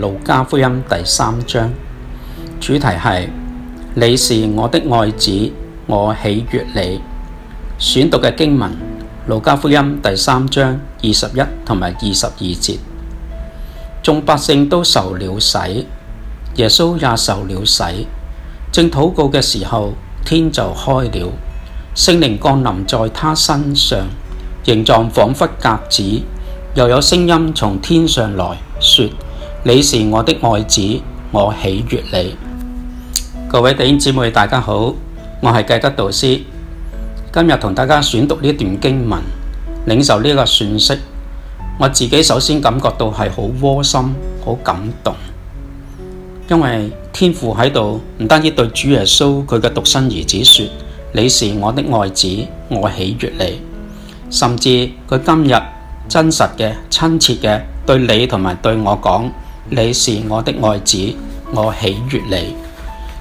路加福音第三章主題係你是我的愛子，我喜悅你。選讀嘅經文《路加福音》第三章二十一同埋二十二節：眾百姓都受了洗，耶穌也受了洗。正禱告嘅時候，天就開了，聖靈降臨在他身上，形狀仿佛鴿子，又有聲音從天上來說。你是我的愛子，我喜悅你。各位弟兄姊妹，大家好，我係記得導師。今日同大家選讀呢段經文，領受呢個訊息。我自己首先感覺到係好窩心，好感動。因為天父喺度唔單止對主耶穌佢嘅獨生兒子說：你是我的愛子，我喜悅你。甚至佢今日真實嘅親切嘅對你同埋對我講。你是我的愛子，我喜悅你。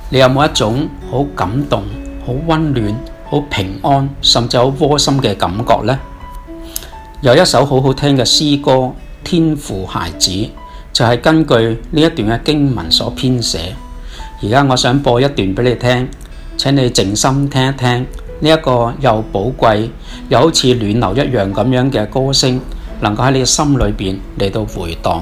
你有冇一種好感動、好溫暖、好平安，甚至好窩心嘅感覺呢？有一首好好聽嘅詩歌《天父孩子》，就係、是、根據呢一段嘅經文所編寫。而家我想播一段俾你聽，請你靜心聽一聽呢一、這個又寶貴、又好似暖流一樣咁樣嘅歌聲，能夠喺你嘅心裏邊嚟到回蕩。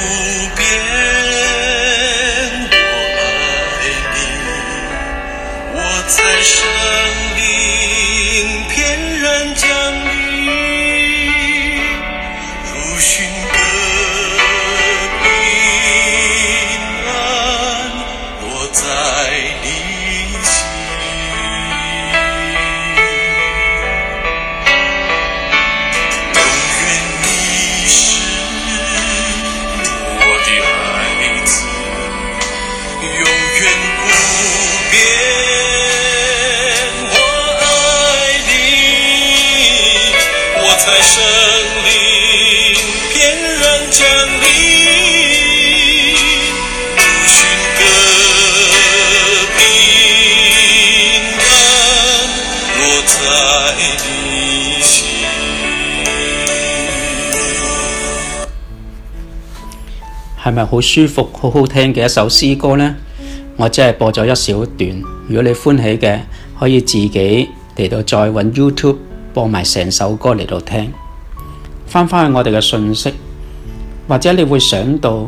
係咪好舒服、好好聽嘅一首詩歌呢？我只係播咗一小段。如果你歡喜嘅，可以自己嚟到再揾 YouTube 播埋成首歌嚟到聽。返返去我哋嘅信息。或者你會想到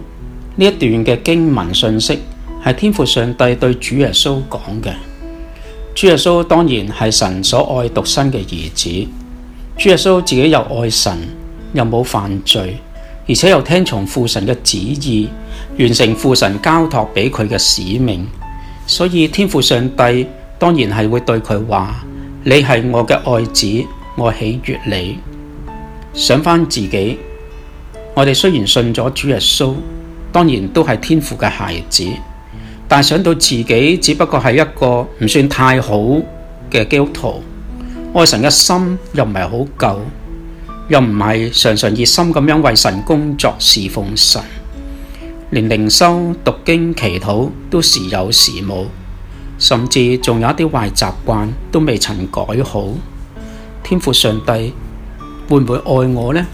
呢一段嘅經文信息係天父上帝對主耶穌講嘅。主耶穌當然係神所愛獨生嘅兒子。主耶穌自己又愛神，又冇犯罪，而且又聽從父神嘅旨意，完成父神交託俾佢嘅使命。所以天父上帝當然係會對佢話：你係我嘅愛子，我喜悦你。想返自己。我哋雖然信咗主耶穌，當然都係天父嘅孩子，但想到自己只不過係一個唔算太好嘅基督徒，愛神嘅心又唔係好夠，又唔係常常熱心咁樣為神工作侍奉神，連靈修、讀經、祈禱都時有時冇，甚至仲有一啲壞習慣都未曾改好，天父上帝會唔會愛我呢？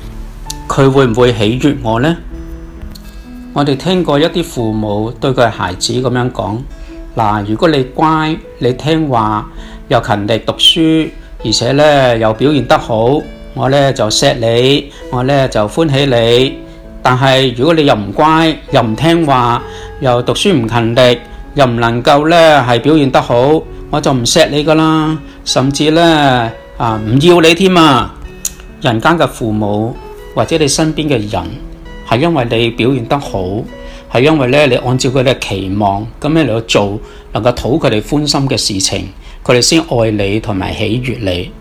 佢會唔會喜悅我呢？我哋聽過一啲父母對佢孩子咁樣講嗱，如果你乖，你聽話又勤力讀書，而且咧又表現得好，我咧就錫你，我咧就歡喜你。但係如果你又唔乖，又唔聽話，又讀書唔勤力，又唔能夠咧係表現得好，我就唔錫你噶啦，甚至咧啊唔要你添啊。人間嘅父母。或者你身邊嘅人，係因為你表現得好，係因為咧你按照佢哋嘅期望咁樣嚟到做，能夠討佢哋歡心嘅事情，佢哋先愛你同埋喜悅你。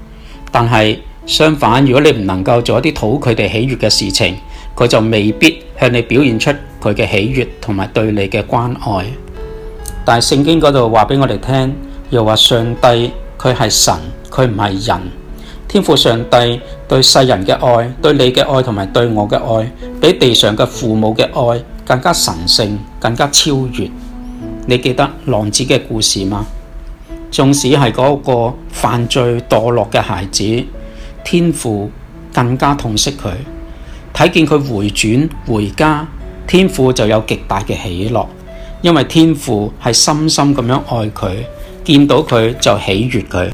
但係相反，如果你唔能夠做一啲討佢哋喜悅嘅事情，佢就未必向你表現出佢嘅喜悅同埋對你嘅關愛。但係聖經嗰度話俾我哋聽，又話上帝佢係神，佢唔係人。天父上帝對世人嘅愛，對你嘅愛同埋對我嘅愛，比地上嘅父母嘅愛更加神聖，更加超越。你記得浪子嘅故事嗎？縱使係嗰個犯罪墮落嘅孩子，天父更加痛惜佢，睇見佢回轉回家，天父就有極大嘅喜樂，因為天父係深深咁樣愛佢，見到佢就喜悅佢。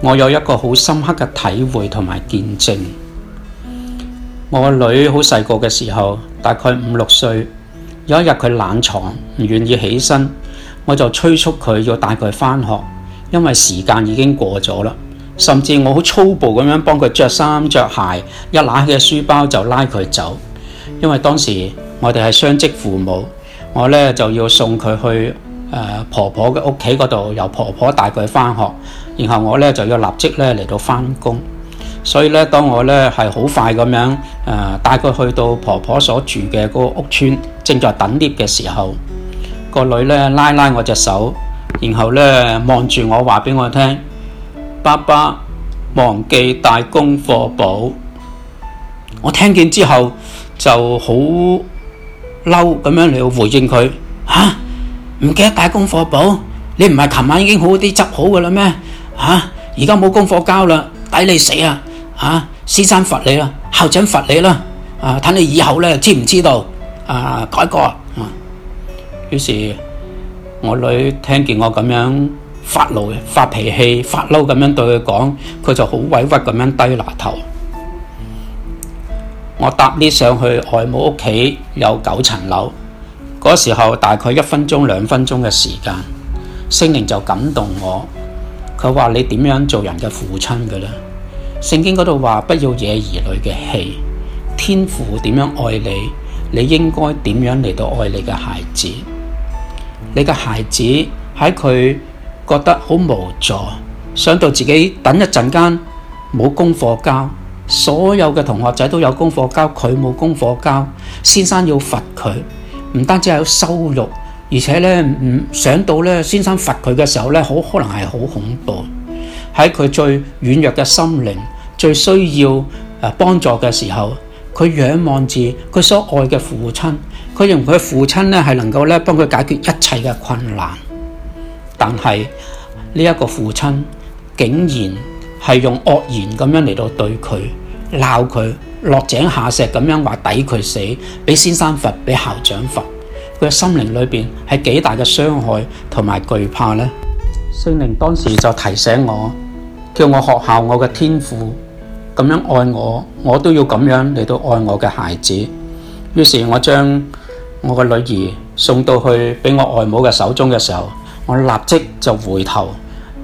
我有一個好深刻嘅體會同埋見證。我個女好細個嘅時候，大概五六歲，有一日佢懶床唔願意起身，我就催促佢要帶佢翻學，因為時間已經過咗啦。甚至我好粗暴咁樣幫佢着衫、着鞋，一揦起個書包就拉佢走。因為當時我哋係雙職父母，我呢，就要送佢去誒、呃、婆婆嘅屋企嗰度，由婆婆帶佢翻學。然後我咧就要立即咧嚟到返工，所以咧當我咧係好快咁樣，誒、呃、帶佢去到婆婆所住嘅嗰個屋村，正在等 lift 嘅時候，個女咧拉拉我隻手，然後咧望住我話俾我聽，爸爸忘記帶功課簿，我聽見之後就好嬲咁樣嚟到回應佢，嚇、啊、唔記得帶功課簿？你唔係琴晚已經好啲執好㗎啦咩？嚇！而家冇功課交啦，抵你死啊！嚇、啊，先生罰你啦，校長罰你啦。啊，睇你以後咧知唔知道？啊，改過。啊，於是我女聽見我咁樣發怒、發脾氣、發嬲咁樣對佢講，佢就好委屈咁樣低埋頭。我搭呢上去外母屋企有九層樓嗰時候，大概一分鐘、兩分鐘嘅時間，聖靈就感動我。佢話你點樣做人嘅父親嘅咧？聖經嗰度話不要惹兒女嘅氣，天父點樣愛你，你應該點樣嚟到愛你嘅孩子？你嘅孩子喺佢覺得好無助，想到自己等一陣間冇功課交。所有嘅同學仔都有功課交，佢冇功課交。先生要罰佢，唔單止係要羞辱。而且咧，唔想到咧，先生罰佢嘅時候咧，好可能係好恐怖。喺佢最軟弱嘅心靈、最需要誒幫助嘅時候，佢仰望住佢所愛嘅父親，佢認為佢父親咧係能夠咧幫佢解決一切嘅困難。但係呢一個父親竟然係用惡言咁樣嚟到對佢鬧佢落井下石咁樣話抵佢死，俾先生罰，俾校長罰。佢嘅心靈裏邊係幾大嘅傷害同埋懼怕呢？聖靈當時就提醒我，叫我學效我嘅天父咁樣愛我，我都要咁樣嚟到愛我嘅孩子。於是，我將我嘅女兒送到去俾我外母嘅手中嘅時候，我立即就回頭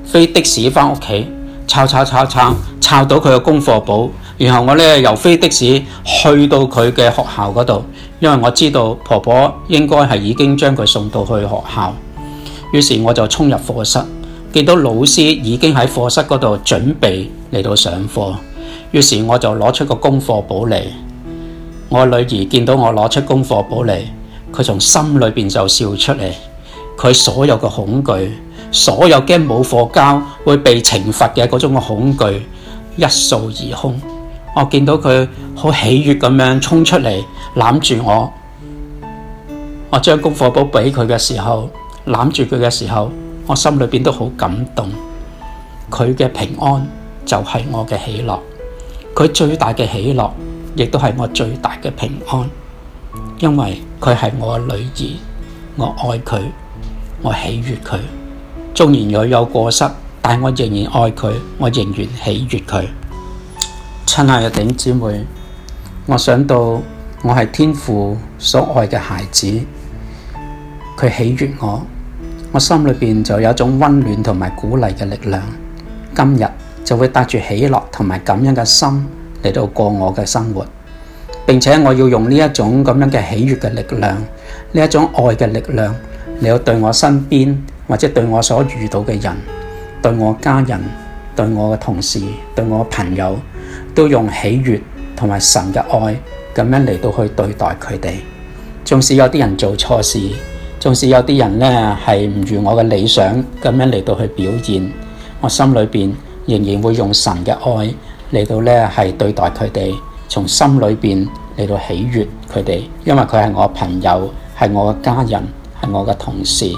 飛的士翻屋企。抄抄抄抄到佢嘅功課簿，然後我咧又飛的士去到佢嘅學校嗰度，因為我知道婆婆應該係已經將佢送到去學校，於是我就衝入課室，見到老師已經喺課室嗰度準備嚟到上課，於是我就攞出個功課簿嚟，我女兒見到我攞出功課簿嚟，佢從心裏邊就笑出嚟，佢所有嘅恐懼。所有驚冇課交會被懲罰嘅嗰種嘅恐懼一掃而空。我見到佢好喜悅咁樣衝出嚟攬住我，我將功課簿俾佢嘅時候，攬住佢嘅時候，我心裏邊都好感動。佢嘅平安就係我嘅喜樂，佢最大嘅喜樂亦都係我最大嘅平安，因為佢係我嘅女兒，我愛佢，我喜悅佢。縱然佢有，有過失，但我仍然愛佢，我仍然喜悅佢。親愛嘅弟兄姊妹，我想到我係天父所愛嘅孩子，佢喜悅我，我心裏邊就有一種溫暖同埋鼓勵嘅力量。今日就會帶住喜樂同埋感恩嘅心嚟到過我嘅生活，並且我要用呢一種咁樣嘅喜悅嘅力量，呢一種愛嘅力量嚟到對我身邊。或者對我所遇到嘅人，對我家人，對我嘅同事，對我朋友，都用喜悅同埋神嘅愛咁樣嚟到去對待佢哋。縱使有啲人做錯事，縱使有啲人呢係唔如我嘅理想咁樣嚟到去表現，我心裏邊仍然會用神嘅愛嚟到呢係對待佢哋，從心裏邊嚟到喜悅佢哋，因為佢係我朋友，係我嘅家人，係我嘅同事。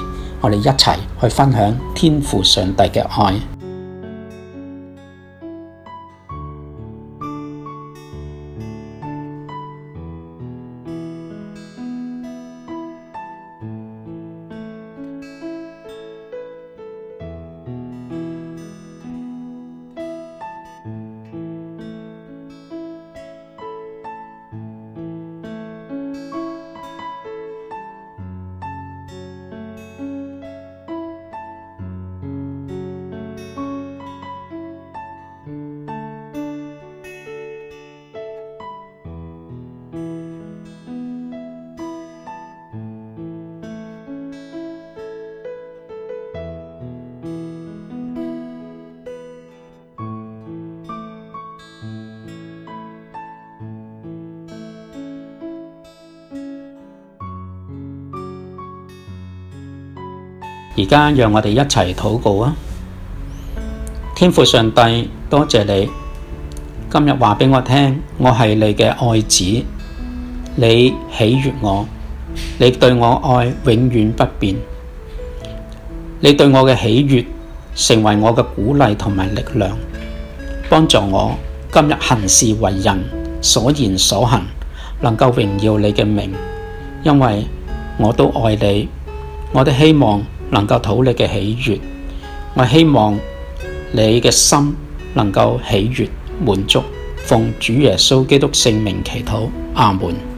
我哋一起去分享天父上帝的愛。而家讓我哋一齊禱告啊！天父上帝，多謝你今日話畀我聽，我係你嘅愛子，你喜悅我，你對我愛永遠不變。你對我嘅喜悅成為我嘅鼓勵同埋力量，幫助我今日行事為人所言所行能夠榮耀你嘅名，因為我都愛你。我都希望。能夠討你嘅喜悅，我希望你嘅心能夠喜悅滿足，奉主耶穌基督聖名祈禱，阿門。